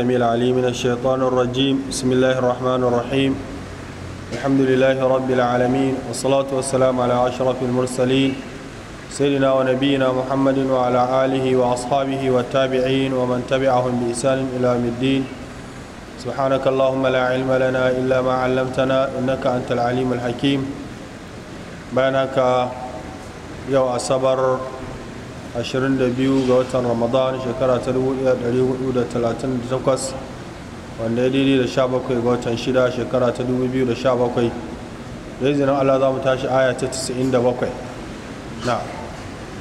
السميع العليم من الشيطان الرجيم بسم الله الرحمن الرحيم الحمد لله رب العالمين والصلاة والسلام على أشرف المرسلين سيدنا ونبينا محمد وعلى آله وأصحابه والتابعين ومن تبعهم بإحسان إلى يوم الدين سبحانك اللهم لا علم لنا إلا ما علمتنا إنك أنت العليم الحكيم بينك يوم الصبر 22 ga watan ramadan shekara ta 1438 wanda ya daidai da 17 ga watan shida shekara ta 2017 da izinin allah za mu tashi aya ta 97 na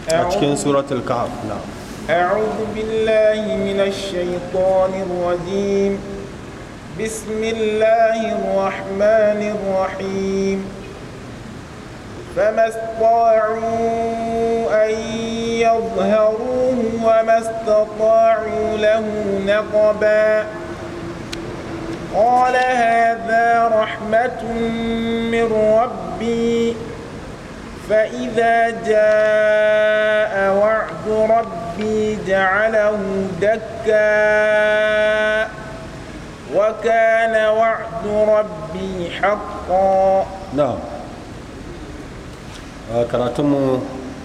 a cikin suratul kahf na أعوذ بالله من الشيطان الرجيم بسم الله الرحمن الرحيم فما استطاعوا أن يظهروه وما استطاعوا له نقبا قال هذا رحمة من ربي فإذا جاء وعد ربي جعله دكا وكان وعد ربي حقا نعم آه، كراتم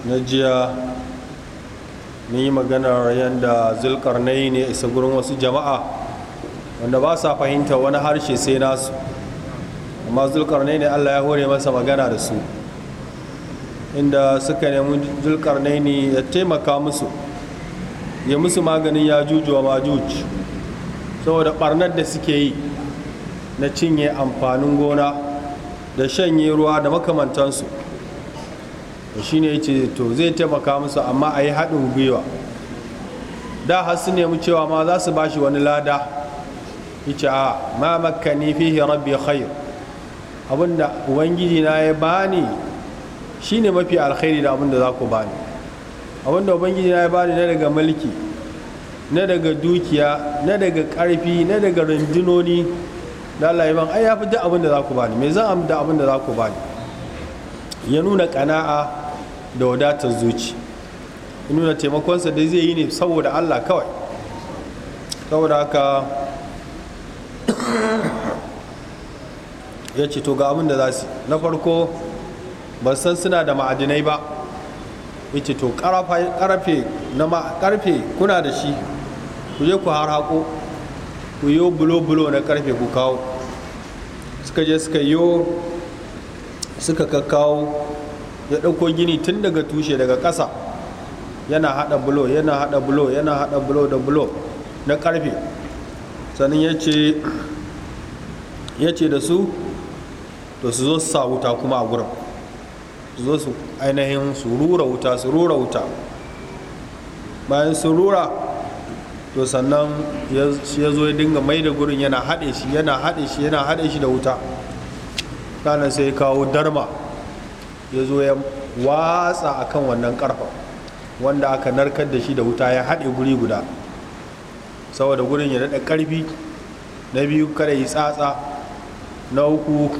نجيا mun yi maganar yadda yi ne isa gurin wasu jama'a wanda ba sa fahimta wani harshe sai nasu amma yi ne allah ya hore masa magana da su inda suka nemi yi ne ya taimaka musu ya musu maganin ya ma majuj saboda barnar da suke yi na cinye amfanin gona da shanye ruwa da makamantansu shi ne ce to zai taimaka musu amma a yi haɗin gwiwa da har su nemi cewa ma za su ba shi wani lada yace a ma makkani fihi rabbi khair abinda ubangiji na ya bani shine mafi alkhairi da abinda za ku bani abinda ubangiji na ya bani na daga mulki na daga dukiya na daga karfi na daga rundunoni da Allah ya ban ai ya fi duk abinda za ku bani me zan amda abinda za ku bani ya nuna kana'a da wadatar zuci nuna taimakonsa da zai yi ne saboda allah kawai saboda haka ya ce to ga abin da za su na farko ba san suna da ma'adinai ba ya ce to karfe kuna da shi ku je ku har haƙo ku yi bulo-bulo na karfe ku kawo suka je suka yi suka kakkawo ya ɗauko gini tun daga tushe daga ƙasa yana haɗa bulo yana haɗa bulo yana haɗa bulo da bulo na ƙarfe sannan ya ce da su to su zo su sa wuta kuma a gurin su zo su ainihin su rura wuta su rura wuta bayan su rura to sannan ya zo ya dinga mai da gurin yana haɗe shi yana haɗe shi yana haɗe shi da wuta ranar sai ya kawo darma ya zo ya watsa a kan wannan karfa wanda aka narkar da shi da wuta ya haɗe guri guda saboda gurin ya daɗa karfi na biyu kada yi tsatsa na uku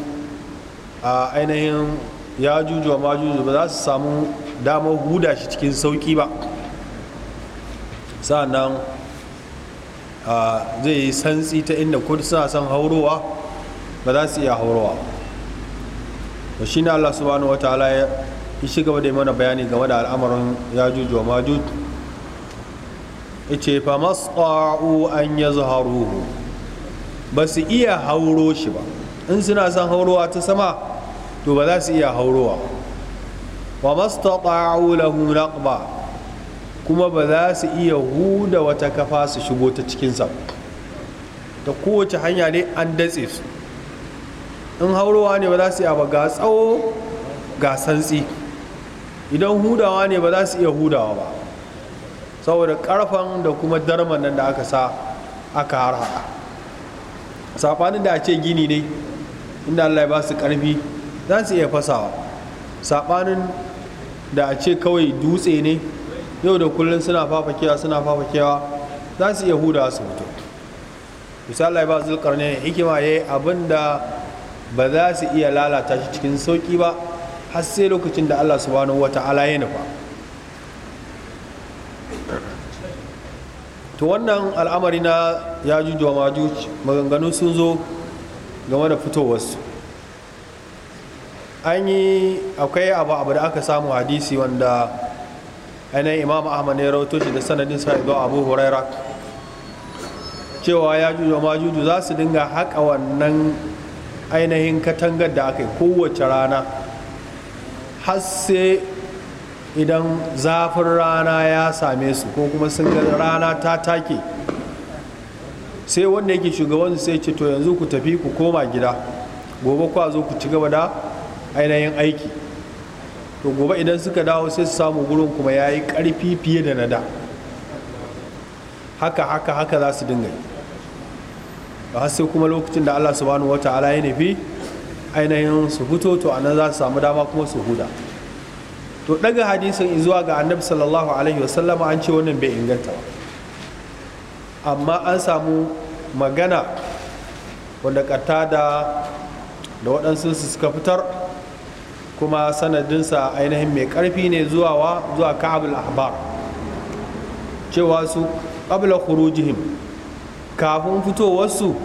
a ainihin ya jujuwa wa majuju ba za su samu damar huda shi cikin sauki ba sa'annan zai yi santsi ta inda kudu suna son haurowa ba za su iya haurowa to shine Allah subhanahu wataala ya shi gaba da mana bayani game da al'amarin yajuj wa majuj yace fa masqa'u an yazharuhu ba su iya hauro shi ba in suna son haurowa ta sama to ba za su iya haurowa wa mastata'u lahu naqba kuma ba za su iya huda wata kafa su shigo ta cikinsa ta kowace hanya ne an datse su in haurowa ne ba za su yi ba ga tsawo ga santsi idan hudawa ne ba za su iya hudawa ba saboda karfan da kuma darman nan da aka sa aka harhaɗa saɓanin da a ce gini ne inda allah ya ba su ƙarfi za su iya fasawa saɓanin da a ce kawai dutse ne yau da kullum suna fafakewa suna fafakewa za su iya hudawa su mutu misali ya zulkar ne hikima ya yi abin ba za su iya lalata shi cikin sauki ba har sai lokacin da Allah subhanahu wa ta'ala ya nufa to wannan al'amari na ya juju wa maganganu sun zo game da fitowarsu an yi akwai abu abu da aka samu hadisi wanda ainihin imam ahmad ya rauto shi da sanadin sa abu huraira cewa ya juju ma majuju za su dinga haƙa wannan ainihin katangar da aka yi kowace rana har sai idan zafin rana ya same su ko kuma sun ga rana ta take sai wanda yake shugabansu sai ce to yanzu ku tafi ku koma gida gobe kwa zo ku ci gaba da ainihin aiki to gobe idan suka dawo sai su samu gurin kuma ya yi ƙarfi fiye da na da haka haka haka za su dinga har sai kuma lokacin da Allah subhanahu ta'ala ya nufi ainihin su fito to a nan za su samu dama kuma su huda to daga hadisin zuwa ga annabi sallallahu alaihi wa sallama an ce wannan bai inganta ba amma an samu magana wanda kata da da waɗansu su suka fitar kuma sanadinsa ainihin mai ƙarfi ne zuwa zuwa ka'abul ahbar cewa su ƙabla khurujihim kafin fitowarsu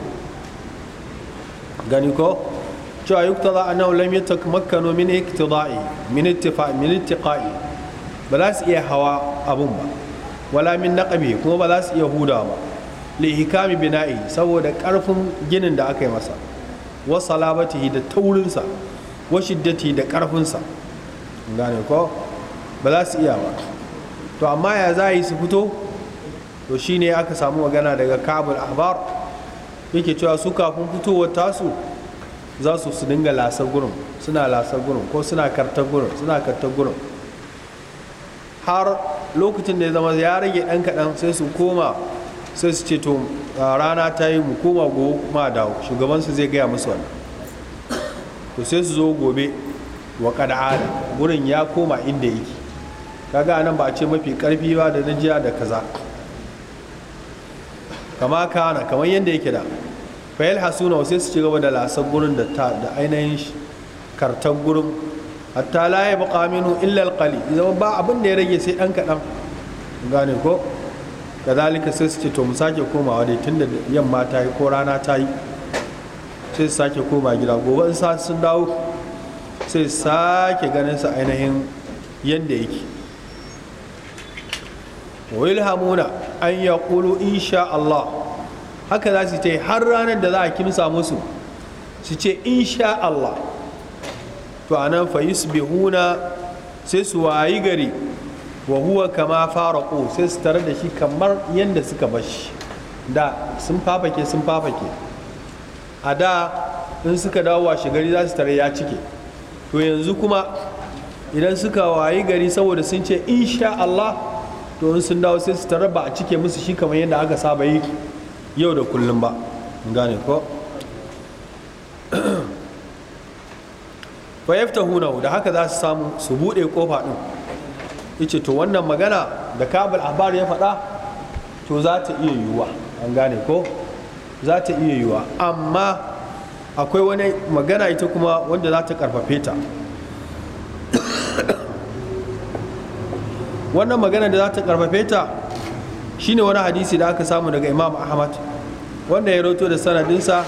gani ko cewa yuktada annahu lam yatamakkanu min iktida'i min ittifa'i mini ittiqa'i ba za su iya hawa abun ba wala min naqabi kuma ba za su iya huda ba li hikami bina'i saboda karfin ginin da aka yi masa wa salabatihi da taurinsa wa shiddati da karfinsa gane ko ba za su iya ba to amma ya za yi su fito to shine aka samu magana daga kabul ahbar yake cewa su kafin fitowar tasu za su su dinga lasa gurin suna lasa gurin ko suna karta gurin suna karta gurin har lokacin da ya zama ya rage ɗan kaɗan sai su koma sai su ce to rana ta yi mu koma gobe kuma dawo shugabansu zai gaya musu wannan to sai su zo gobe wa ala gurin ya koma inda yake kaga nan ba a ce mafi karfi ba da na jiya da kaza kama kana kamar yadda yake da fayil hasuna sai su ci gaba da lasar gurin da ainihin kartar gurin hatta la ya baka minu illa zama ba abin da ya rage sai dan kadan gane ko zalika sai su ce to mu sake komawa dai tunda yamma ta yi ko rana ta yi sai su sake koma gida gobe in sa sun dawo sai su sake ganin su ainihin yadda yake wa ilhamuna an yaqulu insha Allah haka za su ce har ranar da za a kimsa musu su ce insha Allah to nan fa yusbihuna sai su wayi gari wa huwa kama ko sai su tare da shi kamar yadda suka bashi da sun fafake sun fafake a da in suka dawo wa gari za su tare ya cike to yanzu kuma idan suka wayi gari saboda sun ce insha Allah to sun dawo sai su tarar ba a cike musu shi kamar yadda aka saba yi yau da kullum ba gane ko fa huna da haka za su samu su bude kofa din yace to wannan magana da kabul ahbar ya faɗa to za ta iya yiwuwa an gane ko za ta iya yiwuwa amma akwai wani magana ita kuma wanda za ta karfafe ta wannan magana da za ta karfafe ta shine wani hadisi da aka samu daga imam ahmad wanda ya roto da sanadinsa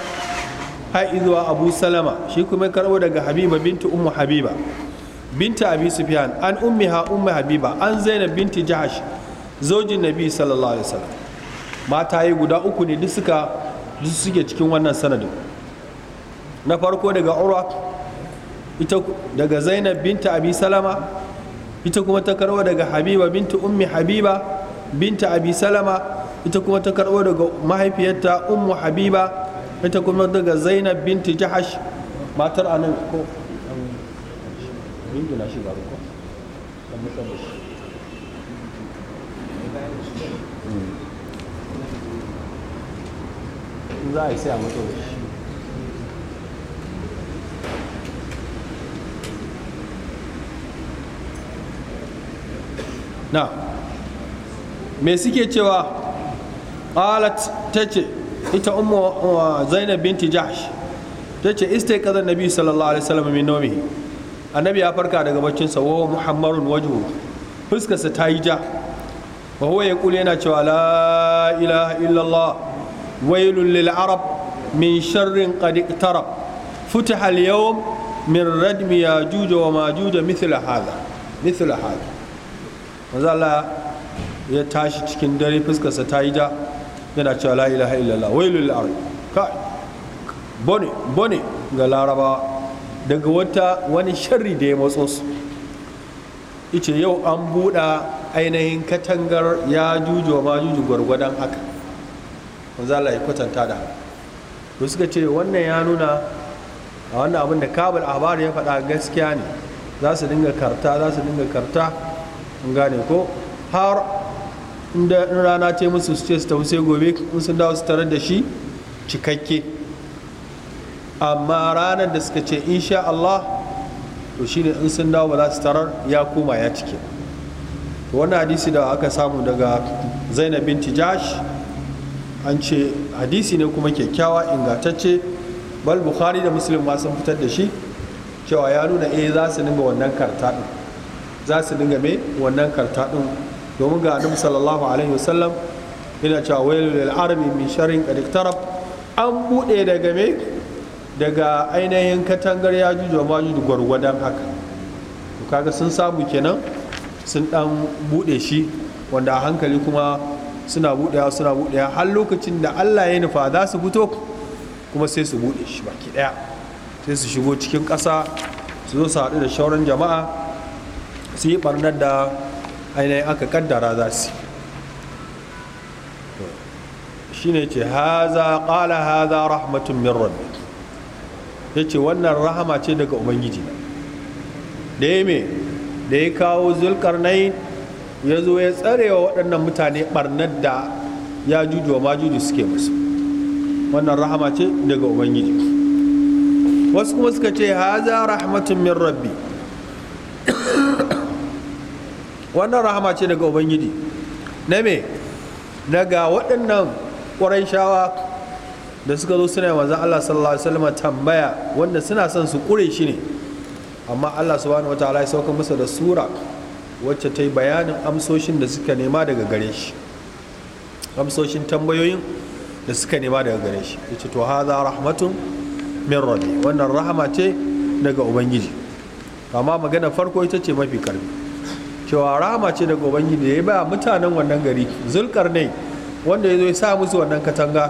har izuwa abu salama shi kuma karbo daga habiba bintu ummu habiba binta abi sufyan an ummi ha ummu habiba an zainab binti jahash zojin nabi sallallahu alaihi wasallam mata yi guda uku ne duk suke cikin wannan sanadin na farko daga urwa ita daga zainab binta abi salama ita kuma ta karbo daga habiba bintu ummi habiba binta abi salama ita kuma ta karbo daga mahaifiyarta ummu habiba ita kuma daga zainab binta jahash matar anan ko hmm. za a yi sai a mutu na me suke cewa qalat tace ita ummu zainab binti jahsh tace istaqaza nabi sallallahu alaihi wasallam min nawmi annabi ya farka daga baccin sa wa muhammadun wajhu fuskarsa ta yi ja wa huwa yaqulu yana cewa la ilaha illallah wailul lil arab min sharrin qad iqtarab futiha al yawm min radmi yajuj wa majuj mithla hadha mithla hadha manzala ya tashi cikin dare fuskarsa ta yi ja yana cewa la ilaha illallah wailul ardi kai bone bone ga larabawa daga wata wani sharri da ya matso su ice yau an buɗa ainihin katangar ya juju ma juju gwargwadon haka manzala ya kwatanta da to suka ce wannan ya nuna a wannan abin da kabul ahbar ya faɗa gaskiya ne za su dinga karta za su dinga karta an gane ko har inda in rana ce musu su ce su tafi sai gobe in sun dawo su tarar da shi cikakke amma ranar da suka ce insha Allah to shine in sun dawo ba za su tarar ya koma ya cike to wannan hadisi da aka samu daga Zainab binti tijash an ce hadisi ne kuma kyakkyawa ingantacce bal Bukhari da Muslim sun fitar da shi cewa ya nuna eh za su dinga wannan karta din za su dinga mai wannan karta ɗin domin ga annabi sallallahu alaihi wasallam yana cewa wailul lil arabi min sharrin qad an buɗe daga me daga ainihin katangar ya juju amma juju gwargwadon haka to kaga sun samu kenan sun ɗan buɗe shi wanda a hankali kuma suna buɗewa suna buɗewa har lokacin da Allah ya nufa za su fito kuma sai su buɗe shi baki ɗaya sai su shigo cikin ƙasa su zo su haɗu da shauran jama'a su yi barnar da ainihin aka kaddara za su shi ne ce haza ƙala haza rahmatun min rabbi ya ce wannan rahama ce daga ubangiji da ya me da ya kawo nai, ya zo ya tsare wa waɗannan mutane barnar da ya wa ma juju suke musu wannan rahama ce daga ubangiji wasu kuma suka ce haza rahmatun min rabbi wannan rahama ce daga ubangiji na me na ga waɗannan ƙwarai shawa da suka zo suna manzan Allah sallallahu alaihi wasallam tambaya wanda suna son su ƙure shi ne amma Allah subhanahu wataala ya sauka masa da sura wacce ta yi bayanin amsoshin da suka nema daga gare shi amsoshin tambayoyin da suka nema daga gare shi ya ce to haza rahmatun min rabbi wannan rahama ce daga ubangiji amma magana farko ita ce mafi karfi cewa rahama ce daga ubangiji ya yi ba mutanen wannan gari zulkar ne wanda ya zo ya sa musu wannan katanga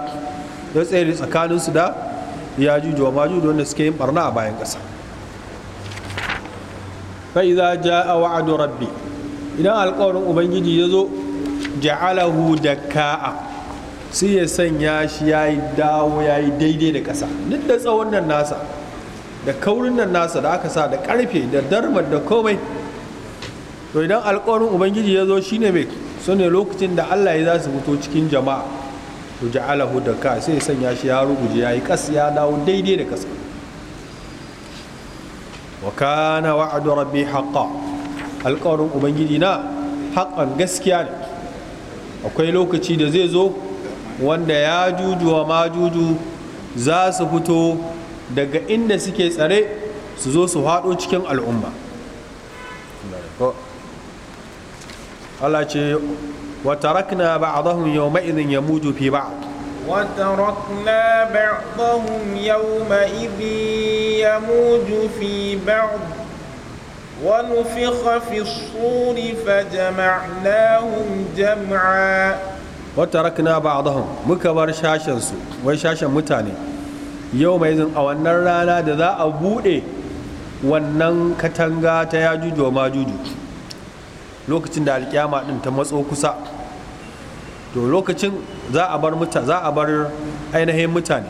ya tsaye tsakaninsu da ya juju wa majuju wanda suke yin barna a bayan ƙasa iza ja'a wa'adu rabbi idan alƙawarin ubangiji ya zo ja'alahu da ka'a sai ya sanya shi ya yi dawo ya yi daidai da ƙasa duk da tsawon nan nasa da kaurin nan nasa da aka sa da ƙarfe da darmar da komai to idan alkawarin ubangiji ya zo shine mai su ne lokacin da allah ya za su fito cikin jama'a to alahu da ka sai sanya shi ya ruguje ya yi kas ya dawo daidai da kasa wa kana wa'adu rabbi haqqa alkawarin ubangiji na haƙan gaskiya ne akwai lokaci da zai zo wanda ya juju wa ma juju za su fito daga inda suke tsare su zo su haɗo cikin al'umma Allah ce wa tarakna ba'dahum yawma idhin yamuju fi ba'd وتركنا بعضهم يومئذ يموج في بعض ونفخ في الصور فجمعناهم جمعا وتركنا بعضهم مكبر شاشن سو وشاشن متاني يومئذ a wannan rana da za a buɗe wannan katanga ta yajuju wa majuju lokacin da alkiyama din ta matso kusa to lokacin za a bar mutane za a bar ainihin mutane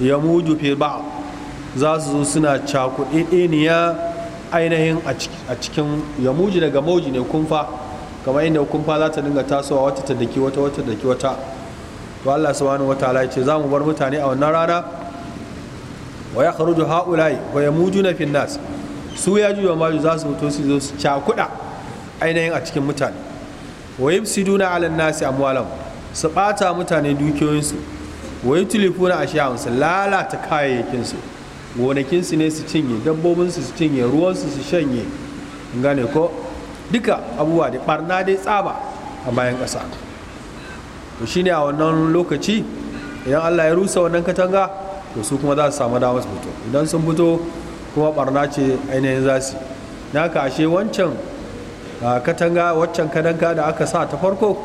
ya muju fi ba za su zo suna cakuɗeɗeniya ainihin a cikin ya muji daga mauji ne kumfa kamar inda kumfa za ta dinga tasowa wata ta daki wata wata daki wata to Allah subhanahu wataala ya ce za mu bar mutane a wannan rana wa ya kharuju haulai wa yamujuna fi nas su ya juwa maju za su mutu su zo su cakuɗa ainihin a cikin mutane wa duna ala nasi amwalahum su bata mutane dukiyoyinsu wa yutlifuna ashiyahum su lalata kayayyakinsu gonakinsu ne su cinye dabbobinsu su cinye ruwansu su shanye gane ko duka abubuwa da barna dai tsaba a bayan ƙasa to ne a wannan lokaci idan Allah ya rusa wannan katanga to su kuma za su samu damar su fito idan sun fito kuma barna ce ainihin za su naka ashe wancan a katanga waccan kadanka da aka sa ta farko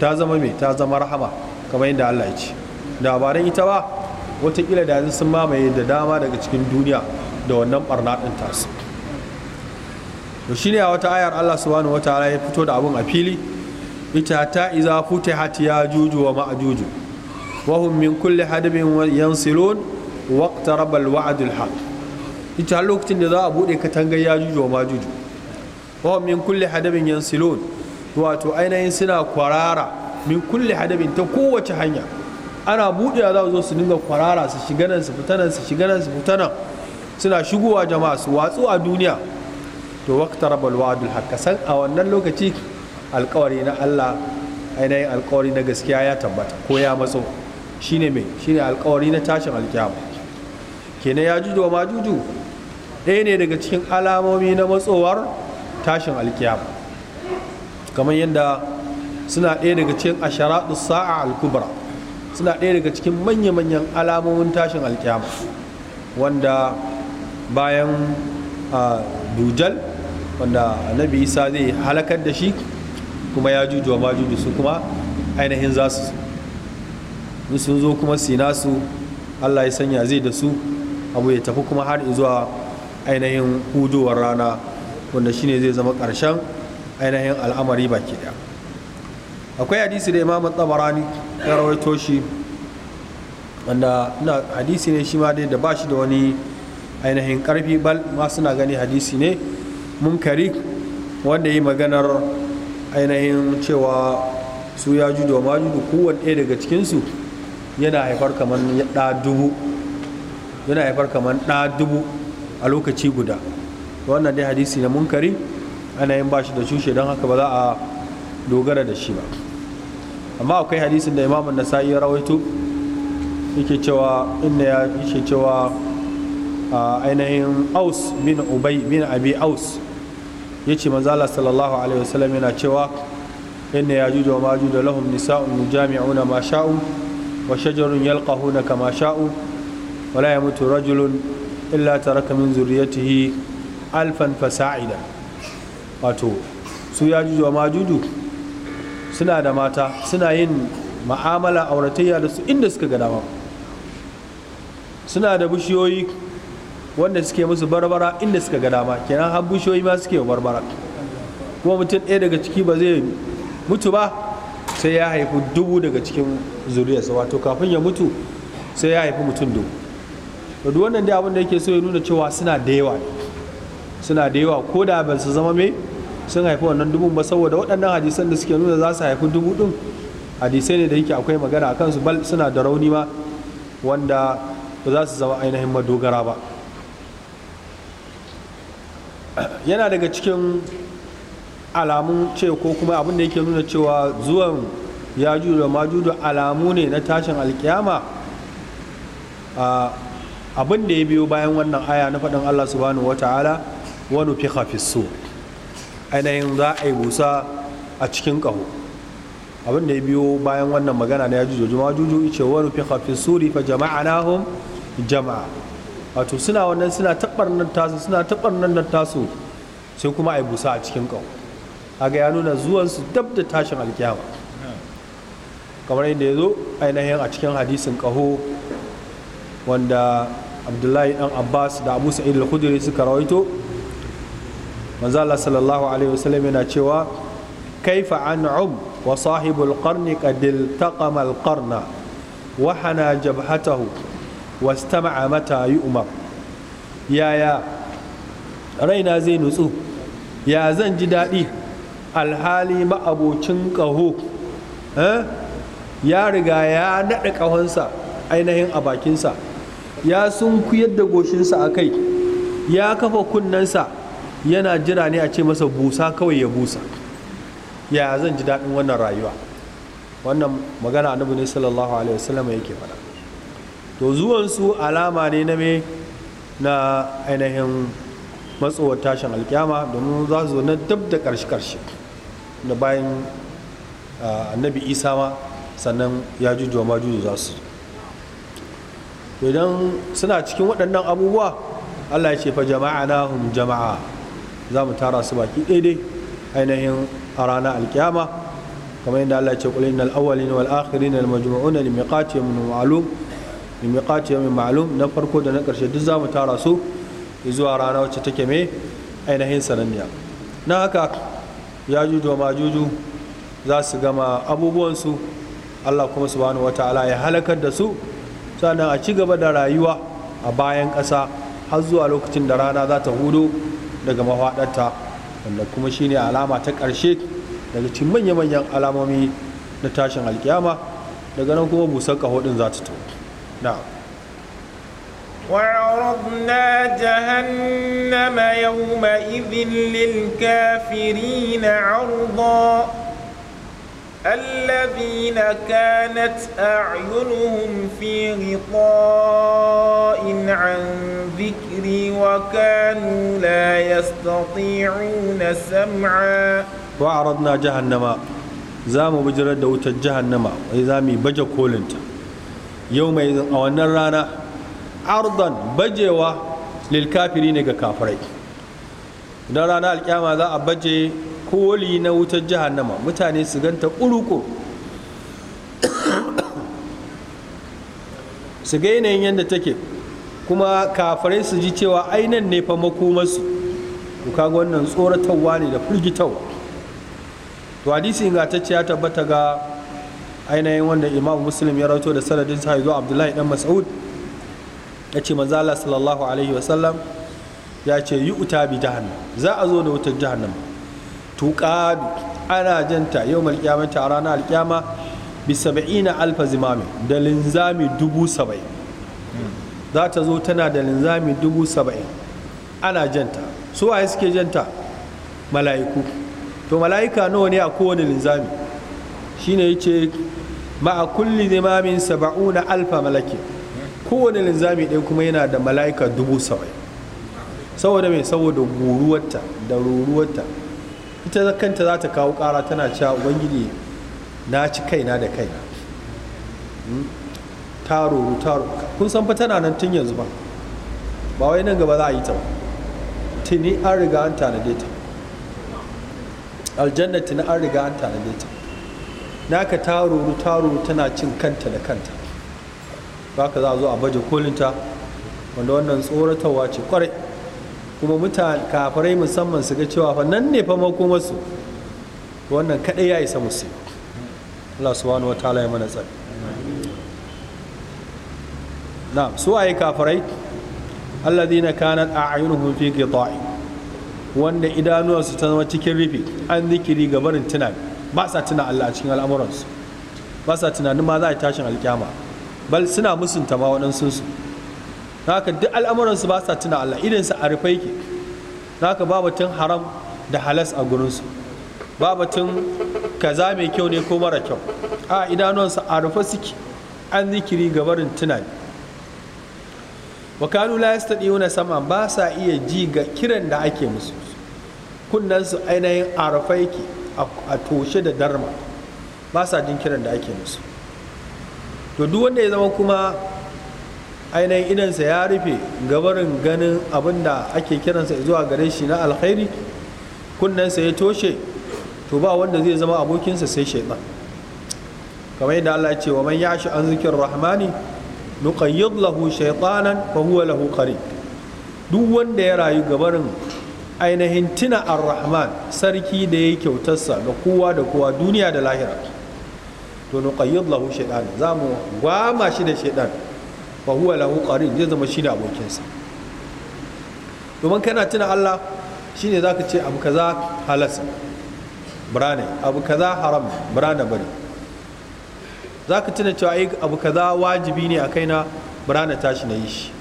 ta zama mai ta zama rahama kamar yadda Allah ya ce da ba ita ba watakila da yanzu sun mamaye da dama daga cikin duniya da wannan barna ɗin tasu to ne a wata ayar Allah subhanahu wata ya fito da abun a fili ita ta iza futihat ya juju wa ma'juju wa hum min kulli hadabin yansilun waqtaraba al haq ita lokacin da za a bude katangar ya juju wa ma'juju wa min kulli hadabin yansilun wato ainihin suna kwarara min kulli hadabin ta kowace hanya ana buɗewa za zo su dinga kwarara su shiga nan su fita nan su shiga nan su fita nan suna shigowa jama'a su watsu a duniya to waqtar bal wa'dul haqq san a wannan lokaci alƙawari na Allah ainihin alƙawari na gaskiya ya tabbata ko ya matso shine mai shine alƙawari na tashin alƙiyama kenan ya juju wa majuju ɗaya ne daga cikin alamomi na matsowar tashin alkiyama kamar yadda suna ɗaya daga cikin asharaɗu sa'a alkubra suna ɗaya daga cikin manya-manyan alamomin tashin alkiyama wanda bayan dujal wanda annabi isa zai halakar da shi kuma ya jujuwa ma juju su kuma ainihin za su sun zo kuma sina su allah ya sanya zai da su abu ya tafi kuma har zuwa ainihin hudowar rana wanda shine zai zama ƙarshen ainihin al'amari baki ɗaya akwai hadisi da imam tabarani ya rawaito shi wanda na hadisi ne shi ma dai da ba shi da wani ainihin ƙarfi bal ma suna gani hadisi ne munkari wanda yi maganar ainihin cewa su ya ju da majudu kowane ɗaya daga cikinsu yana haifar kamar yana haifar kamar ɗa dubu a lokaci guda wannan dai hadisi na munkari ana yin bashi da cushe don haka ba za a dogara da shi ba amma akwai hadisin da imamun sa'i ya rawaito yake cewa inda ya yake cewa ainihin aus bin ubai bin abi aus ya ce manzala sallallahu alaihi wasallam yana cewa inda ya juja wa da lahum nisa'un jami'una ma sha'u wa shajarun yalqahuna kama sha'u ولا يموت rajulun illa ترك من ذريته alfan fasa'ida wato su ya juju wa majuju suna da mata suna yin ma'amala auratayya da su inda suka ga dama suna da bishiyoyi wanda suke musu barbara inda suka ga dama kenan har bishiyoyi ma suke barbara kuma mutum ɗaya daga ciki ba zai mutu ba sai ya haifi dubu daga cikin zuriyarsa wato kafin ya mutu sai ya haifi mutum dubu da duk wannan dai abin da yake so ya nuna cewa suna da yawa ne suna da yawa ko da ba su zama mai sun haifi wannan dubun ba saboda waɗannan hadisan da suke nuna za su haifi dubu ɗin hadisai ne da yake akwai magana a kansu bal suna da rauni ma wanda ba za su zama ainihin madogara ba yana daga cikin alamun ce ko kuma abin da yake nuna cewa zuwan ya da majudu alamu ne na tashin alkiyama ah, abin da ya biyo bayan wannan aya na faɗin allah subhanahu wa ta'ala wani fi hafisu ainihin za a yi busa a cikin ƙaho abin da ya biyo bayan wannan magana na ya juju juma juju ce wani fi hafisu fa jama'a na hum jama'a wato suna wannan suna taɓar nan tasu suna taɓar nan nan tasu sai kuma a yi busa a cikin ƙaho aga ya nuna zuwansu dab da tashin alkiyama kamar yadda ya zo ainihin a cikin hadisin ƙaho wanda abdullahi dan abbas da abu sa'id al-khudri suka rawaito manzo sallallahu alaihi wasallam yana cewa kaifa an'um wa sahibul qarni qad iltaqama al qarna wa hana jabhatahu wastama'a mata yu'mar yaya raina zai nutsu ya zan ji daɗi alhali ma'abocin ƙaho eh, ya riga ya naɗa ƙahonsa ainihin a bakinsa ya sun da goshinsa a kai ya kafa kunnensa yana jira ne a ce masa busa kawai ya busa ya zan ji daɗin wannan rayuwa wannan magana annabi ne sallallahu alaihi wasallam yake faɗa to zuwansu alama ne na me na ainihin matsowar tashin alkyama domin za su na dab da karshe-karshe da bayan annabi isa ma sannan ya jujuwa ma juju za su idan suna cikin waɗannan abubuwa allah ya ce fa jama'a na nahum jama'a za mu tara su baki daidai ainihin a ranar alkiyama kamar yadda Allah ce kulin al'awalin wal akhirin al majmu'un li miqati yawmin ma'lum li miqati yawmin ma'lum na farko da na ƙarshe duk za mu tara su zuwa rana wacce take me ainihin sananniya na haka ya yajuju ma majuju za su gama abubuwansu Allah kuma subhanahu wataala ya halakar da su sannan a ci gaba da rayuwa a bayan ƙasa har zuwa lokacin da rana za ta hudu daga mafaɗarta wanda kuma shine alama ta ƙarshe daga cikin manya-manyan alamomi na tashin alkiyama daga nan kuma busar ƙaho ɗin za ta tafi na'am وعرضنا جهنم يومئذ للكافرين عرضا الذين كانت أعينهم في غطاء عن ذكري وكانوا لا يستطيعون سمعا وعرضنا جهنم زام بجرد دوت جهنم مي بجا كولنت يوم إذا أولنا رانا عرضا بجوا للكافرين كافرين درانا القيامة ذا أبجي koli na wutar jahannama mutane su ganta ƙuruƙuru su ga yanayin yadda take kuma kafarai su ji cewa ainihin ne fa makomarsu ku kaga wannan tsoratarwa ne da firgitawa to hadisi ingantacce ya tabbata ga ainihin wanda Imam muslim ya rauto da sanadin sa zuwa abdullahi dan mas'ud ya ce manzala sallallahu alaihi wasallam ya ce yi uta bi jahannam za a zo da wutar jahannama tuqadu ana janta yau qiyamati a ranar alqiyama bi 70 alfa zimami da linzami dubu saba'in za ta zo tana da linzami dubu saba'in ana janta su waye suke janta mala'iku to mala'ika nawa ne a kowane linzami Shi ce yace ma'a kulli zimamin saba'una alfa malaki kowane linzami ɗaya kuma yana da mala'ika dubu saba'in saboda mai saboda guruwarta da ruruwarta ita kanta za ta kawo ƙara tana cewa ubangiji na ci kaina da kaina hmm? taro taro kun san fa tana nan tun yanzu ba ba wai nan gaba za a yi ta tuni an riga an tanade ta aljanna tuni an riga an tanade ta naka taro taro tana cin kanta da kanta ba ka za a zo a baje kolinta wanda wannan tsoratawa ce kwarai kuma mutane kafirai musamman su ga cewa fa nan ne fa makomarsu wannan kadai ya isa musu Allah subhanahu ta'ala ya mana tsari na su waye kafirai alladhina kanat a'yunuhum fi qita'i wanda idanuwansu ta zama cikin rufe an zikiri ga barin tunani ba sa tuna Allah a cikin al'amuransu ba sa tunanin ma za a tashin alkyama bal suna musunta ma waɗansu su haka duk al'amuransu ba sa tuna Allah idansu a rufe yake haka babatun haram da halas a gurinsu babatun kaza mai kyau ne ko mara kyau a idanuwansu a rufe suke an zikiri gabarin tunani wakalu la yastadiuna sama ba sa iya ji ga kiran da ake musu kunnansu ainihin a rufe yake a toshe da darma ba sa jin kiran da ake musu to duk wanda ya zama kuma ainihin idansa ya rufe gabarin ganin abin da ake kiransa zuwa gare shi na alkhairi kunnensa ya toshe to ba wanda zai zama abokinsa sai shaitan kamar yadda Allah ce wa man yashi an zikin rahmani nuqayyid lahu shaytanan fa huwa lahu qarin duk wanda ya rayu gabarin ainihin tuna ar-rahman sarki da ya kyautarsa ga kowa da kowa duniya da lahira to nuqayyid lahu za zamu gwama shi da shaiɗan. fa huwa lahu qarin zai zama shi da abokinsa domin kana tuna Allah shine zaka ce abu kaza halasa birane abu kaza haram birane bari zaka tuna cewa ai abu kaza wajibi ne a kaina birane tashi na yi shi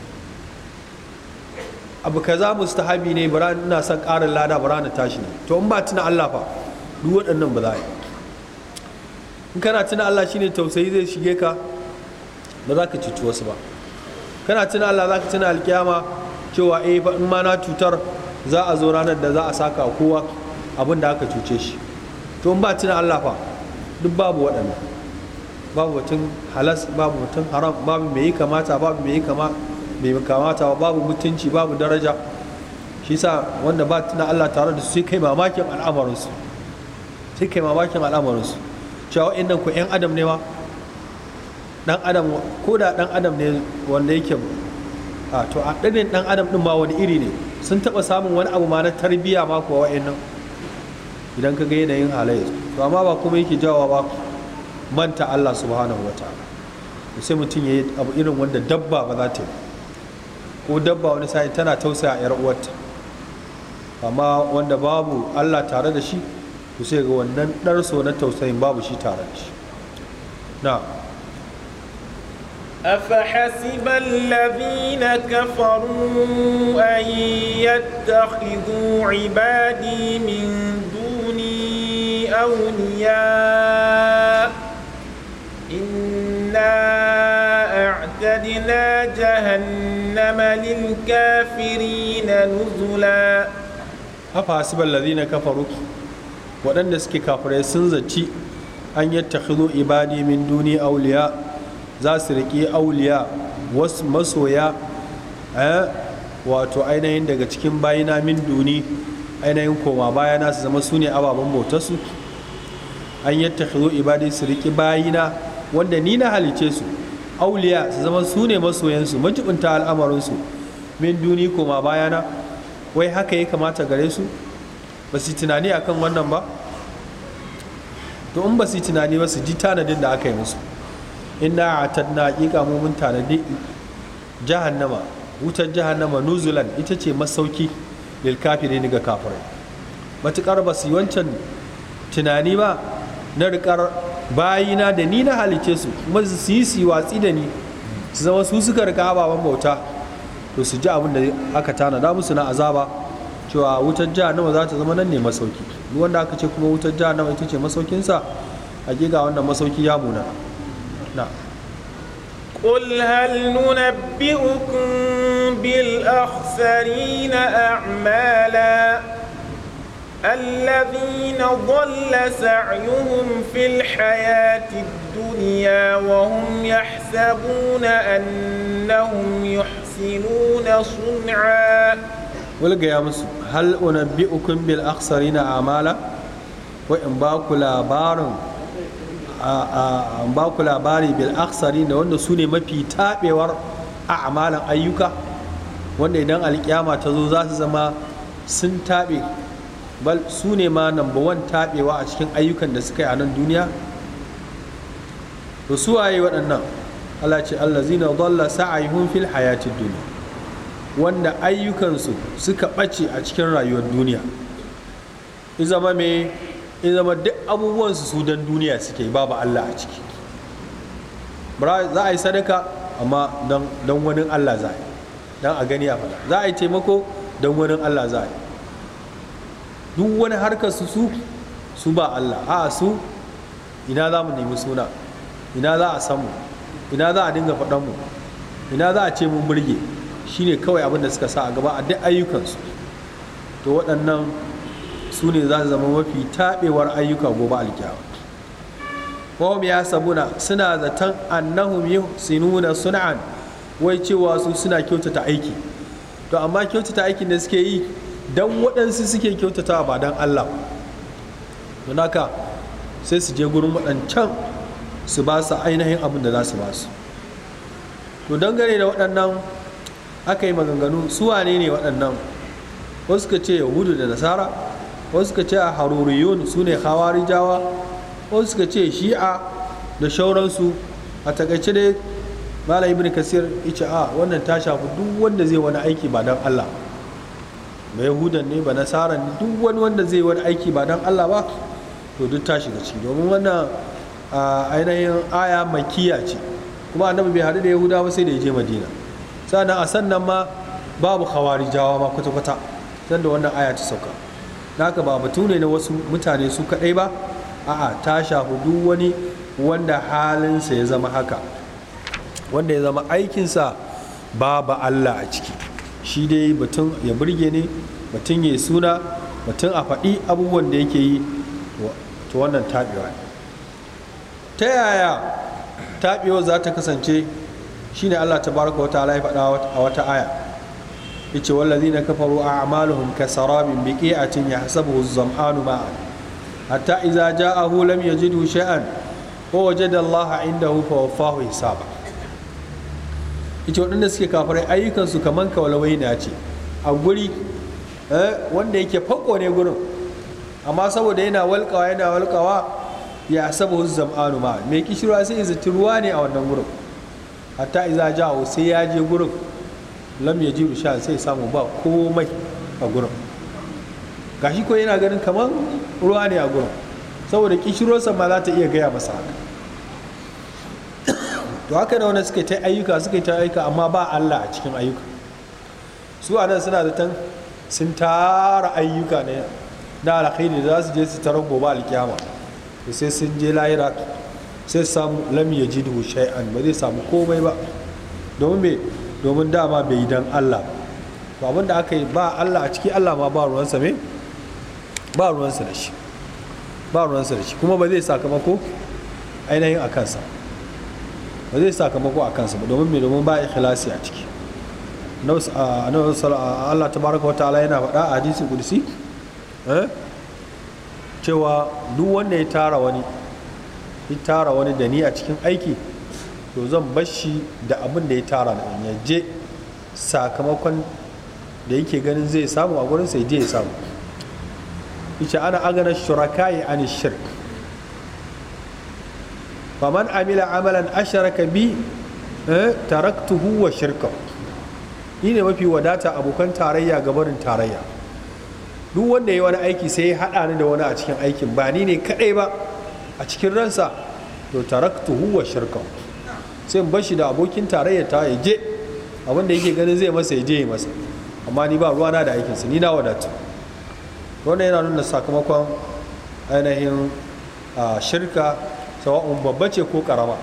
abu kaza mustahabi ne birane ina son ƙarin lada birane tashi ne to in ba tuna Allah fa duk waɗannan ba za a yi in kana tuna Allah shine tausayi zai shige ka ba za ka cuci wasu ba kana tuna Allah za ka tuna alkiyama cewa eh fa in ma na cutar za a zo ranar da za a saka kowa abin da aka cuce shi to in ba tuna Allah fa duk babu waɗanda babu batun halas babu batun haram babu mai kamata babu mai kama mai kamata babu mutunci babu daraja shi sa wanda ba tuna Allah tare da su sai kai mamakin al'amarinsu sai kai mamakin al'amarinsu cewa wa'annan ku 'yan adam ne ma dan adam ko da dan adam ne wanda yake a to a ɗanin dan adam din ma wani iri ne sun taɓa samun wani abu ma na tarbiyya ma kuwa wa'annan idan ka ga yanayin halayya to amma ba kuma yake jawawa ba manta Allah subhanahu wa ta'ala sai mutum ya yi abu irin wanda dabba ba za ta yi ko dabba wani sai tana tausaya yar uwarta amma wanda babu Allah tare da shi ku sai ga wannan ɗarso na tausayin babu shi tare da shi na'am أفحسب الذين كفروا أن يتخذوا عبادي من دوني أولياء إنا أعتدنا جهنم للكافرين نزلا أفحسب الذين كفروا waɗanda suke kafirai sun zaci an yi ibadi min duni auliya za su riƙe auliya wasu masoya eh, wato ainihin daga cikin bayina min duni ainihin koma bayana su zama su ne ababen su. an yadda ibadi su riƙe bayina wanda ni na halice su auliya su zama su ne masoyansu majibinta al'amarinsu min duni koma bayana wai haka ya kamata gare su ba su tunani akan wannan ba to in ba su tunani ba su ji tanadin da aka yi musu inna atanna haƙiƙa mu mun tanadi jahannama wutar jahannama nuzulan ita ce masauki lil kafirin ga kafirai matukar ba su wancan tunani ba na rikar bayina da ni na halice su kuma su yi su watsi da ni su zama su suka rika ababen bauta to su ji abin da aka da musu na azaba cewa wutar jahannama za ta zama nan ne masauki wanda aka ce kuma wutar jahannama ita ce masaukinsa hakika wannan masauki ya muna نعم قل هل ننبئكم بالأخسرين أعمالا الذين ضل سعيهم في الحياة الدنيا وهم يحسبون أنهم يحسنون صنعا ولقى يا مسلم هل أنبئكم بالأخسرين أعمالا وإن باكوا لابارهم ba ku labari bil aksari da wanda su ne mafi taɓewar a amalan ayyuka wanda idan alkiyama ta zo za su zama sun taɓe bal su ne ma number one taɓewa a cikin ayyukan da suka yi a nan duniya to su waye waɗannan Allah ce Allah zina dalla sa'ayhum fil hayatid duniya wanda ayyukansu suka ɓace a cikin rayuwar duniya izama mai in zama duk abubuwansu su don duniya suke babu Allah a ciki za a yi sadaka amma don wani Allah za a yi don a gani a fada za a yi taimako don wani Allah za a yi duk wani harkar su su su ba Allah a su ina za mu nemi suna ina za a samu ina za a dinga faɗan mu ina za a ce mun burge shine kawai abin da suka sa a gaba a duk ayyukansu to waɗannan su ne za su zama mafi taɓewar ayyuka gobe alkiyama wahum ya sabuna suna zaton annahum sinuna sun'an wai cewa su suna kyautata aiki to amma kyautata aiki da suke yi don waɗansu suke kyautata ba don Allah don haka sai su je gurin waɗancan su ba su ainihin abin da za su ba su to dangane da waɗannan aka yi maganganu su wane ne waɗannan wasu ka ce yahudu da nasara wasu suka ce a haruriyun su ne hawarijawa wasu suka ce shi'a da shauransu a takaice dai malam ibn kasir yace a ah, wannan ta shafi duk wanda zai wani aiki ba dan Allah ba yahudan ne ba nasara ne duk wani wanda zai wani aiki ba dan Allah ba to duk ta shiga ciki domin wannan ainihin aya makiya ce kuma annabi bai haɗu da yahuda ba sai da ya je madina sannan a sannan ma babu khawarijawa ma kwata-kwata sanda wannan aya ta sauka naka ba batu ne na wasu mutane su kaɗai ba a'a ta shafi duk wani wanda halinsa ya zama haka wanda ya zama aikinsa babu Allah a ciki shi dai batun ya burge ne batun ya suna batun a faɗi abubuwan da yake yi to wannan taɓewa ta yaya taɓewa za ta kasance shi ne Allah ta baraka wata laifaɗa a wata aya yace wallazina kafaru a'maluhum a biqi'atin yahsabuhu az-zam'anu ma'an hatta idza ja'ahu lam yajidhu shay'an wa wajada Allah indahu fa waffahu hisaba yace wadanda suke kafirai ayyukan su kaman kawalwai na ce a guri eh, wanda yake fako ne gurin amma saboda yana walƙawa yana walƙawa ya sabu zam'anu ma mai kishirwa sai izati ruwa ne a wannan gurin hatta iza jawo sai ya je gurin lam ya jiru sha sai samu ba komai a gurin gashi ko yana ganin kamar ruwa ne a gurin saboda kishirosa ma za ta iya gaya masa haka to haka da wani suka ta ayyuka suka ta ayyuka amma ba allah a cikin ayyuka su a nan suna zaton sun tara ayyuka ne na alkhairi da za su je su tarar gobe alkiyama to sai sun je lahira sai samu lam shay'an ba zai samu komai ba domin me domin dama bai yi don Allah ba abin da aka yi ba Allah a ciki Allah ma ba ruwansa mai ba ruwansa da shi ba ruwansa da shi kuma ba zai sakamako ainihin a kansa ba zai sakamako a kansa ba domin me domin ba ikhlasi a ciki Allah baraka wata ala yana faɗa a hadisi kudusi eh? cewa duk wanda ya tara wani ya tara wani da ni a cikin aiki to zan bar shi da abin da ya tara da ya yaje sakamakon da yake ganin zai samu a gurin sai je ya samu ita ana agana shuraka'i an shirk man amila amalan asharaka bi eh, taraktuhu wa shirka ni ne mafi wadata abokan tarayya ga barin tarayya duk wanda ya wani aiki sai ya haɗa ni da wani a cikin aikin ba ni ne kadai ba a cikin ransa to taraktuhu wa shirka sai bashi shi da abokin tarayya ta ya je abin da yake ganin zai masa ya je ya masa amma ni ba ruwana da aikinsa ni na wadatu wannan yana nuna sakamakon ainihin shirka sawa'un babba ce ko karama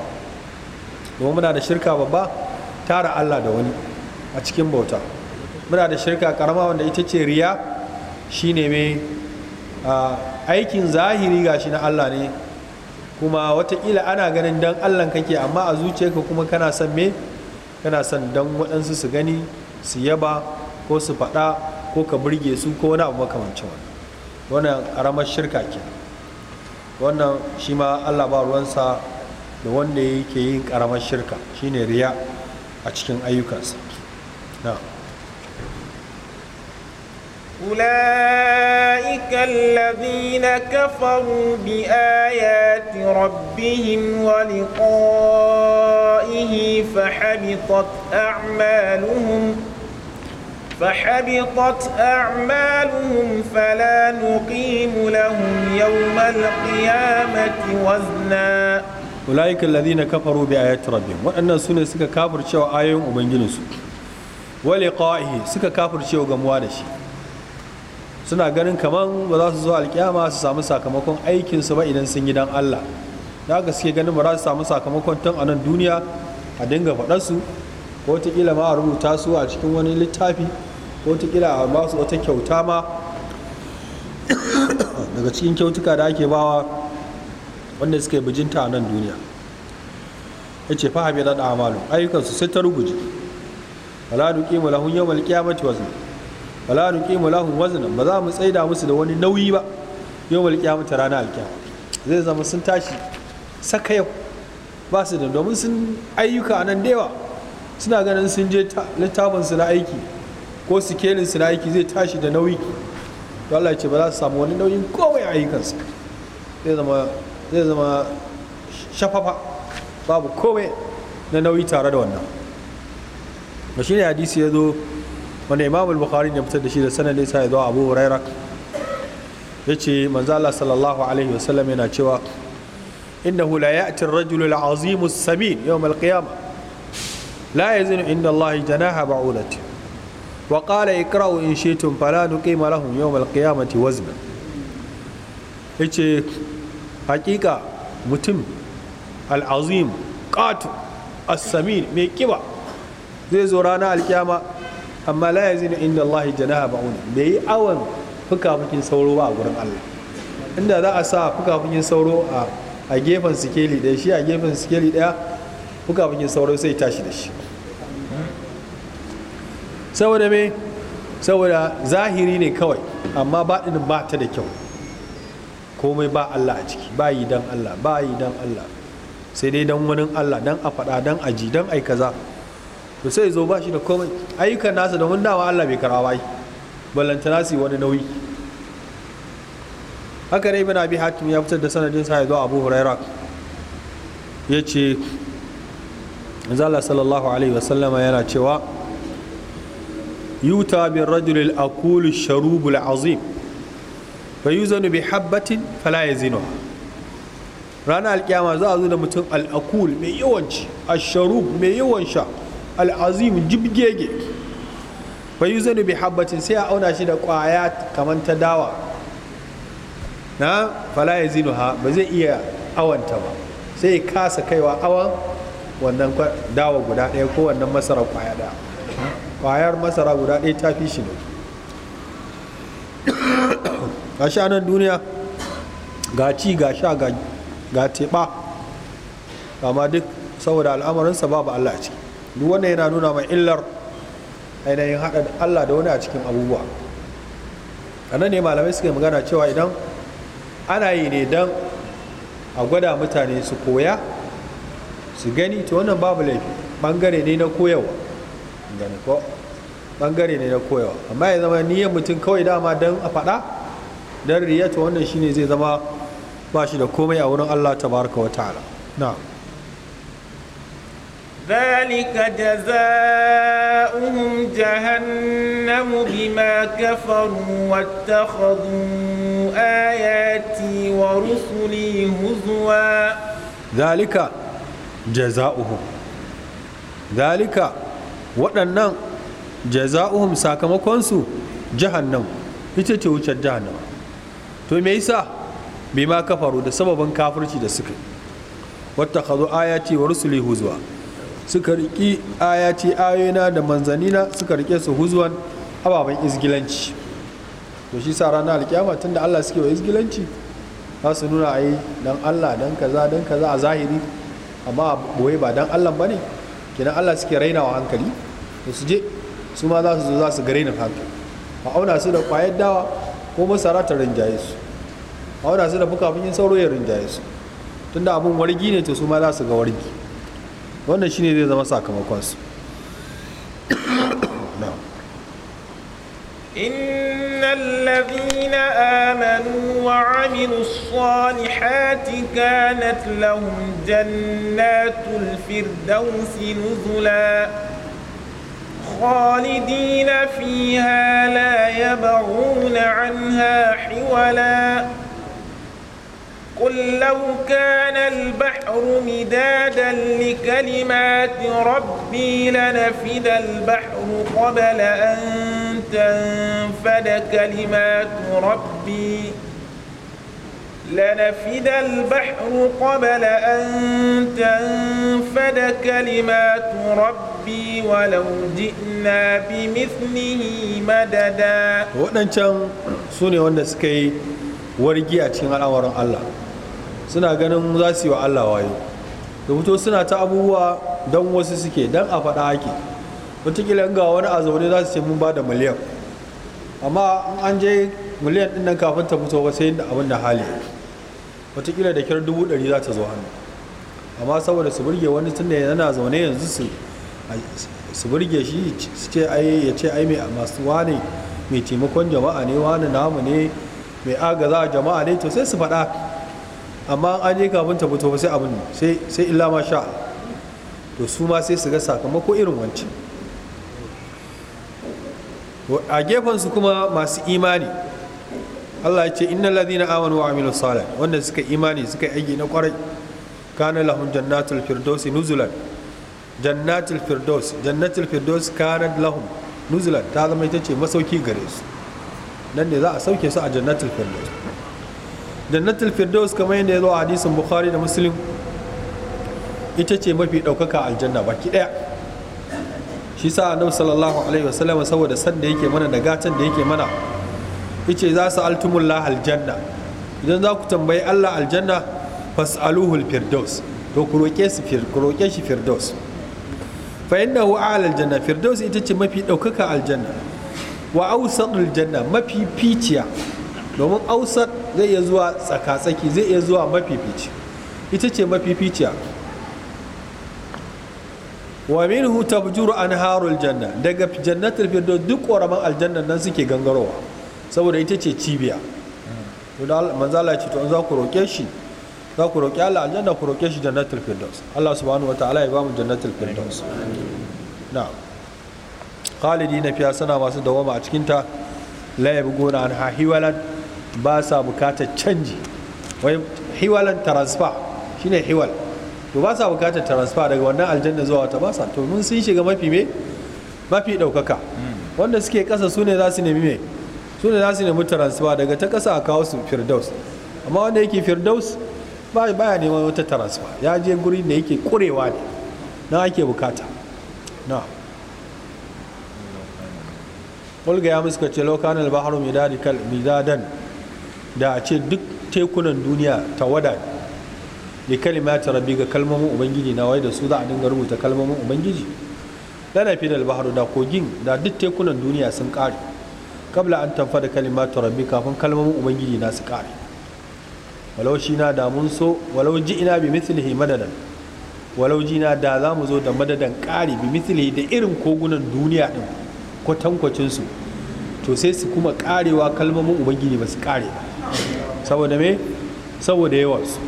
domin muna da shirka babba tara Allah da wani a cikin bauta muna da shirka karama wanda ita ce riya shi ne mai aikin zahiri gashi na Allah ne kuma watakila ana ganin dan allah kake amma a zuciyarka kuma kana son me kana son dan waɗansu su gani su yaba ko su faɗa ko ka burge su ko wani abu makamancin wani wannan ƙaramar shirka ke wannan shi ma allah ba ruwansa da wanda yake yin ƙaramar shirka shine riya a cikin ayyukansa أولئك الذين كفروا بآيات ربهم ولقائه فحبطت أعمالهم فحبطت أعمالهم فلا نقيم لهم يوم القيامة وزنا أولئك الذين كفروا بآيات ربهم وأن سنة سكا كافر شو آيهم ومن جنسوا ولقائه سكا كافر شو قموا suna ganin kamar ba za su zo alkiyama su samu sakamakon aikinsu ba idan sun yi dan Allah da haka suke ganin ba za su samu sakamakon tun a nan duniya a dinga faɗarsu ko wataƙila ma a rubuta su a cikin wani littafi ko wataƙila a ba su wata kyauta ma daga cikin kyautuka da ake bawa wanda suke bijinta a nan duniya ya ce fa da amalu ayyukansu sai ta ruguje wala duqimu yau yawmal qiyamati wasu. wala nuqimu lahum waznan ba za mu tsaida musu da wani nauyi ba yawmal qiyamati rana alkiyama zai zama sun tashi saka yau ba su da domin sun ayyuka nan da yawa suna ganin sun je littafin su na aiki ko sikelin su na aiki zai tashi da nauyi to Allah ce ba za su samu wani nauyin komai a su zai zama zai zama shafafa babu komai na nauyi tare da wannan ba shi ne hadisi ya zo wanda imam al-bukhari ne fitar da shi da sanadin ya zuwa abu huraira yace manzo Allah sallallahu alaihi wasallam yana cewa inda la ya'ti ar-rajul al-azim as-samin yawm al-qiyamah la yazinu inda Allah janaha ba'udat wa qala iqra'u in shi'tum fala nuqima lahum yawm al-qiyamati wazna yace hakika mutum al-azim qat as-samin mai kiba zai zo rana alkiyama amma la ne inda Allah janaha ba'una bai yi awon fukafukin sauro ba a gurin Allah inda za a sa fukafukin sauro a gefen sikeli ɗaya shi a gefen sikeli ɗaya fukafukin sauro sai tashi da shi saboda me saboda zahiri ne kawai amma ɗin ba ta da kyau komai ba Allah a ciki ba yi dan Allah ba yi dan Allah sai dai dan wani Allah dan a faɗa dan aji dan aikaza kaza to sai zo ba shi da komai ayyukan nasa domin dama Allah bai karawa bai ballantana su wani nauyi haka ne ibn abi hatim ya fitar da sanadin sa zuwa abu huraira ya ce zala sallallahu alaihi wasallama yana cewa yuta bin rajul al-aqul sharub al-azim fa yuzanu bi habatin fala yazinu ranar alkiyama za a zo da mutum al-aqul mai yawanci ash-sharub mai yawan sha al'azim jibgege ba yi zanubi habbatin sai a auna shi da kwaya kamar ta dawa na fala zinu ha ba zai iya awanta ba sai kasa kaiwa awan wannan dawa guda ɗaya ko wannan masara kwaya da kwayar masara guda ɗaya ta fi shi ne ga sha nan duniya ga ci ga sha ga teɓa amma duk saboda al'amarinsa babu allah a ciki duk wannan yana nuna mai illar ainihin haɗa Allah da wani a cikin abubuwa a nan ne malamai suke magana cewa idan ana yi ne don a gwada mutane su koya su gani ta wannan babu laifi bangare ne na koyawa gani ko bangare ne na koyawa amma ya zama niyyar mutum kawai dama don a faɗa don riya ta wannan shine zai zama ba shi da komai a wurin Allah ta baraka wa ta'ala na'am ذلك جزاؤهم جهنم بما كفروا واتخذوا آياتي ورسلي هزوا ذلك جزاؤهم ذلك waɗannan jaza'uhum sakamakonsu jahannam ita ce wucin jahannama to me yasa bi ma kafaru da sababin kafirci da suka wata kazo ayati wa rusuli huzuwa suka riƙi ayati ayoyina da manzanina suka riƙe su huzuwan ababen izgilanci to shi sa ranar alkiyama tunda Allah suke wa izgilanci za su nuna a yi don Allah don kaza dan kaza a zahiri amma boye ba don Allah ba ne? kenan Allah suke raina wa hankali to su je su ma za su zo za su gare ni hankali a auna su da kwayar dawa ko masara ta rinjaye su a auna su da fuka sauro ya rinjaye su tunda abun wargi ne to su ma za su ga wargi wannan shine zai zama sakamakon su إن الذين آمنوا وعملوا الصالحات كانت لهم جنات الفردوس نزلا خالدين فيها لا يبغون عنها حولا قل لو كان البحر مدادا لكلمات ربي لنفد البحر قبل أن تنفد كلمات ربي لنفد البحر قبل أن تنفد كلمات ربي ولو جئنا بمثله مددا waɗancan سوني ne wanda suka yi wargi a suna ganin za su yi wa Allah wayo da fito suna ta abubuwa don wasu suke don a faɗa ake wataƙila ga wani a zaune za su ce mun ba da miliyan amma an je miliyan ɗin nan kafin ta fito ba sai da abin da hali wataƙila da kyar dubu ɗari za ta zo hannu amma saboda su burge wani tun da yana zaune yanzu su su burge shi su ce ai ya ce ai mai masu wane mai taimakon jama'a ne wani namu ne mai agaza jama'a ne to sai su faɗa amma an je kafin ta fito sai abin sai sai illa ma sha to su ma sai su ga sakamako irin wancan a gefen su kuma masu imani Allah ya ce innal ladina amanu wa amilu salih wanda suka imani suka yi na kwarai kana lahum jannatul firdausi nuzulan jannatul firdaus jannatul firdaus kana lahum nuzulan ta zama ita ce masauki gare su nan ne za a sauke su a jannatul firdaus jannatul firdaus kamar yadda ya zo a hadisin bukhari da muslim ita ce mafi ɗaukaka aljanna baki ɗaya shi sa annabi sallallahu alaihi wasallam saboda san da yake mana da gatan da yake mana yace za su altumullah aljanna idan za ku tambayi Allah aljanna aluhul firdaus to ku roƙe su ku shi firdaus fa innahu a'la aljanna firdaus ita ce mafi ɗaukaka aljanna wa awsatul aljanna mafi ficiya domin awsat zai iya zuwa tsaka-tsaki zai iya zuwa mafifici ita ce mafificiya wa minhu tabjuru anharul janna daga jannatul firdaus duk ƙoraman aljannan nan suke gangarowa saboda ita ce cibiya manzo Allah ce to za ku roƙe shi za ku roƙe Allah aljanna ku roƙe shi jannatul firdaus Allah subhanahu wataala ya ba mu jannatul firdaus na'am khalidina fiha sana masu dawama a cikin ta la yabghuna anha hiwalan ba sa bukatar canji wai hiwalan transfer shine hiwal to ba sa bukatar transfer daga wannan aljanna zuwa wata ba sa to mun sun shiga mafi me mafi ɗaukaka wanda suke kasa su ne za su nemi me su ne za su nemi transfer daga ta kasa a kawo su firdaus amma wanda yake firdaus ba ya neman wata transfer ya je guri da yake kurewa ne na ake bukata na ulga ya muska ce lokacin albahar midadan da a ce duk tekunan duniya tawada da kalimata rabbi ga kalmomin ubangiji na wai da su za a dinga rubuta kalmomin ubangiji lana fi da albaharu da kogin da duk tekunan duniya sun kare kabla an tamfa da kalimatu rabbi kafin kalmomin ubangiji na su kare walau shi na da mun so walau ji ina bi madadan walau ji na da za mu zo da madadan kare bi mislihi da irin kogunan duniya din tankwacinsu to sai su kuma karewa kalmomin ubangiji ba su kare ba saboda me saboda su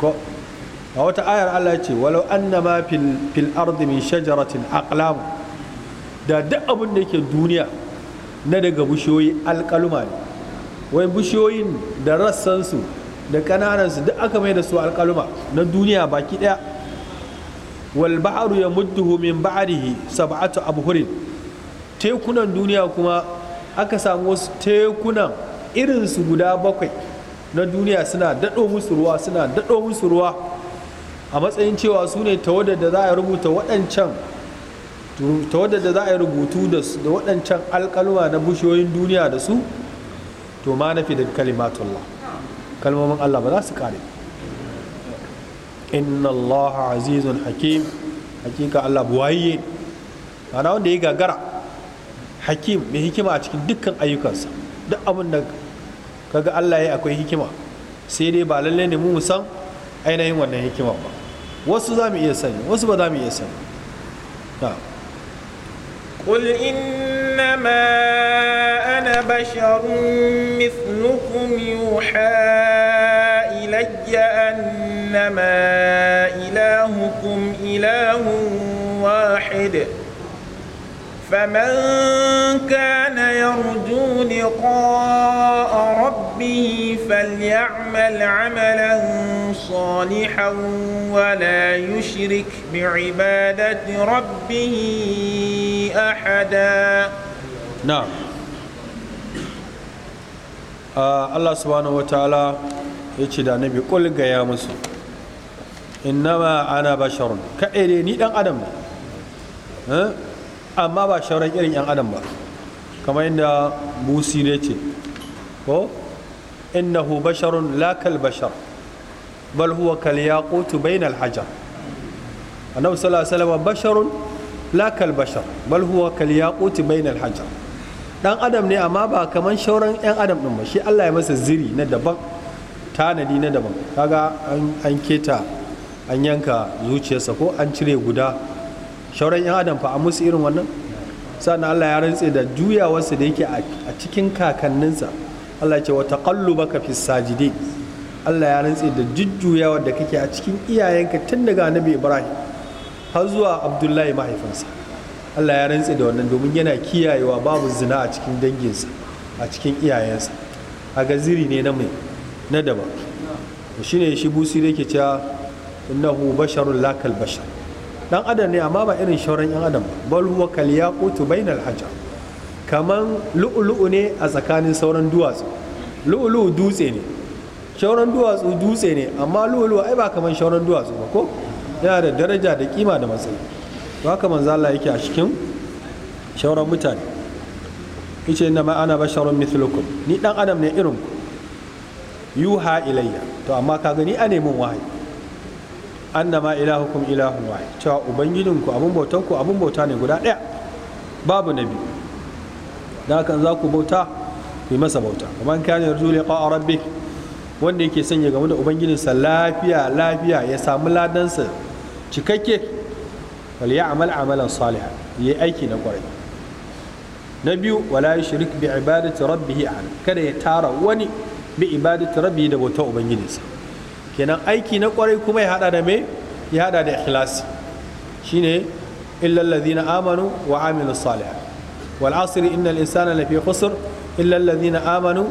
ko a wata ayar Allah ya ce walau annama fil fil ardi min shajaratin aqlam da duk abin da yake duniya na daga bushiyoyi alkaluma ne wai bushiyoyin da rassansu da ƙananansu duk aka mai da su alkaluma na duniya baki ɗaya wal ba'ru yamudduhu min ba'rihi sab'atu abhurin tekunan duniya kuma aka samu wasu tekunan irinsu guda bakwai na duniya suna daɗo musu ruwa suna daɗo musu ruwa a matsayin cewa su ne tawadar da za a rubuta waɗancan tawadar da za a rubutu da waɗancan alƙaluma na bushiyoyin duniya da su to ma na da kalimatullah kalmomin Allah ba za su ƙare inna Allah azizun hakim hakika Allah buwaye ana wanda ya gagara hakim mai hikima a cikin dukkan ayyukansa duk abin da kaga Allah ya akwai hikima sai dai ba lalle ne mu san ainihin wannan hikima ba wasu za mu iya sani wasu ba za mu iya sani قل إنما أنا بشر مثلكم يوحى إلي أنما إلهكم إله واحد فمن كان يرجو لقاء ربه ربه فليعمل عملا صالحا ولا يشرك بعبادة ربه أحدا نعم آه الله سبحانه وتعالى يتشد النبي قل يا مسلم إنما أنا بشر كأريني أن أدم أه؟ أما بشر إرين أن أدم kamar yadda busi ne ce ko innahu basharun la kal bashar bal huwa kal yaqutu bainal hajar annabi sallallahu alaihi wasallam basharun la kal bashar bal huwa kal yaqutu bainal hajar dan adam ne amma ba kaman shauran yan adam din ba shi Allah ya masa ziri na daban tanadi na daban kaga an keta an yanka zuciyarsa ko an cire guda shauran yan adam fa a musu irin wannan sannan Allah ya rantse da juyawarsa da yake a cikin kakanninsa Allah ce wata taqallubaka fis sajidin Allah ya rantse da jujjuyawa da kake a cikin iyayenka tun daga annabi Ibrahim har zuwa Abdullahi mahaifinsa Allah ya rantse da wannan domin yana kiyayewa babu zina a cikin danginsa a cikin iyayensa a gaziri ne na mai na daba shine shi busi da yake cewa innahu basharun lakal bashar dan adam ne amma ba irin shauran yan adam ba bal huwa kal yaqutu bainal hajar kaman lu'ulu'u ne a tsakanin sauran duwatsu lu'ulu'u dutse ne shauran duwatsu dutse ne amma lu'ulu'u ai ba kamar shauran duwatsu ba ko yana da daraja da kima da matsayi ba kamar za Allah yake a cikin shauran mutane ice na ma ana shauran mithlukum ni dan adam ne irin yuha ilayya to amma ka gani a nemin wahayi annama ilahukum ilahun wahid cewa ubangijinku abin bautanku abun bauta ne guda ɗaya babu na biyu da haka za ku bauta ku yi masa bauta kuma in kana yarju liqa rabbik wanda yake sanya game da ubangijinsa lafiya lafiya ya samu ladansa cikakke wal ya'mal amalan salihan yi aiki na kwarai na biyu wala yushrik bi ibadati rabbih ahad kada ya tara wani bi ibadati rabbih da bautar ubangijinsa kenan aiki na kwarai kuma ya hada da me ya hada da ikhlasi shine illa na amanu wa amina salihan wal asri innal insana lafi khusr illa alladhina amanu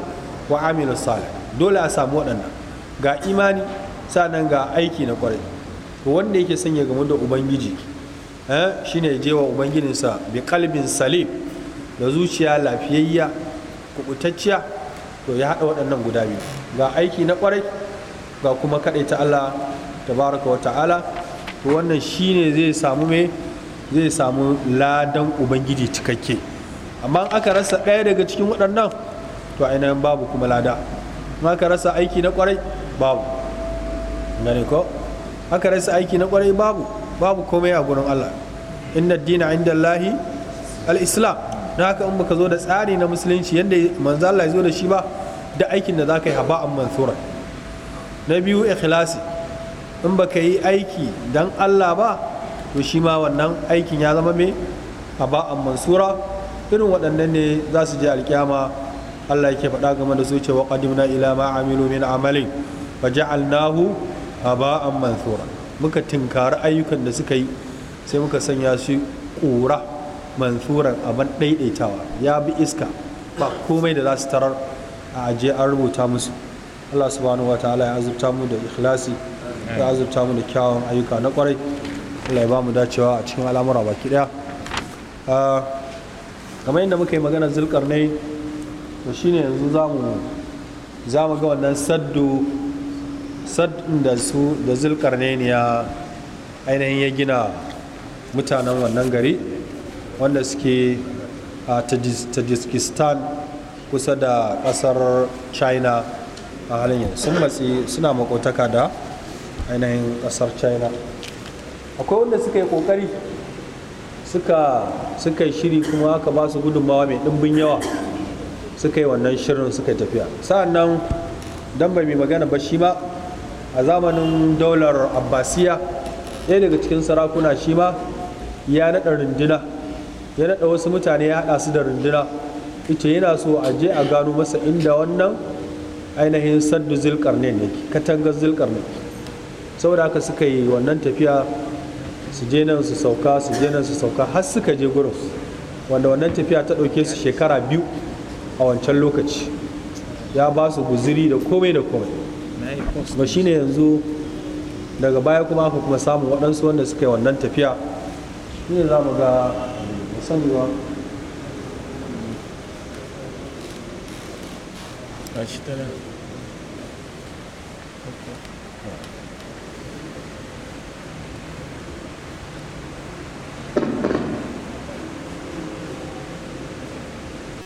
ko amilu salih dole a samu waɗannan ga imani sanan ga aiki na kwarai to wanda yake son ya gamu da ubangiji shine ya je wa ubangijinsa bi kalbin salim da zuciya lafiyayya kubutacciya to ya haɗa waɗannan guda biyu ga aiki na kwarai ga kuma kaɗai ta Allah tabaraka wa ta'ala to wannan shine zai samu me zai samu ladan ubangiji cikakke amma aka rasa ɗaya daga cikin waɗannan to ainihin babu kuma lada in aka rasa aiki na ƙwarai babu gane ko aka rasa aiki na ƙwarai babu babu komai a gurin Allah inna dina inda Allahi al-islam na haka in baka zo da tsari na musulunci yadda manzo Allah ya zo da shi ba da aikin da za ka yi haba'an mansura na biyu ikhlasi in baka yi aiki dan Allah ba to shi ma wannan aikin ya zama mai haba'an mansura irin waɗannan ne za su je alƙyama Allah yake faɗa game da su cewa qadimna ila ma amilu min amalin fa ja'alnahu haba'an mansura muka tinkari ayyukan da suka yi sai muka sanya su ƙura mansuran abin ɗaiɗaitawa ya bi iska ba komai da za su tarar a aje an rubuta musu Allah subhanahu wa ta'ala ya azurta mu da ikhlasi ya azurta mu da kyawun ayyuka na kwarai Allah ya ba mu dacewa a cikin al'amura baki ɗaya ah, kamar yadda muka yi magana zulkarnai to shine yanzu za mu ga wannan saddu saddun da su da zulkar ne ya ainihin ya gina mutanen wannan gari wanda suke a tajikistan kusa da kasar china a halin yanzu sun matsi suna makotaka da ainihin kasar china akwai wanda suka yi kokari suka suka shiri kuma aka ba su gudunmawa mai ɗimbin yawa suka yi wannan shirin suka yi tafiya sa'annan dan bai mai magana ba shi ma a zamanin daular abbasiya ɗaya daga cikin sarakuna shi ma ya naɗa runduna ya naɗa wasu mutane ya haɗa su da runduna ita yana so a je a gano masa inda wannan ainihin saddu zilƙar ne katangar ne saboda haka suka yi wannan tafiya su je nan su sauka su je nan su sauka har suka je gurus wanda wannan tafiya ta ɗauke su shekara biyu a wancan lokaci ya ba su guziri da komai da komai ba shi ne yanzu daga baya kuma aka kuma samun waɗansu wanda suka yi wannan tafiya ne za mu ga musamman Acho que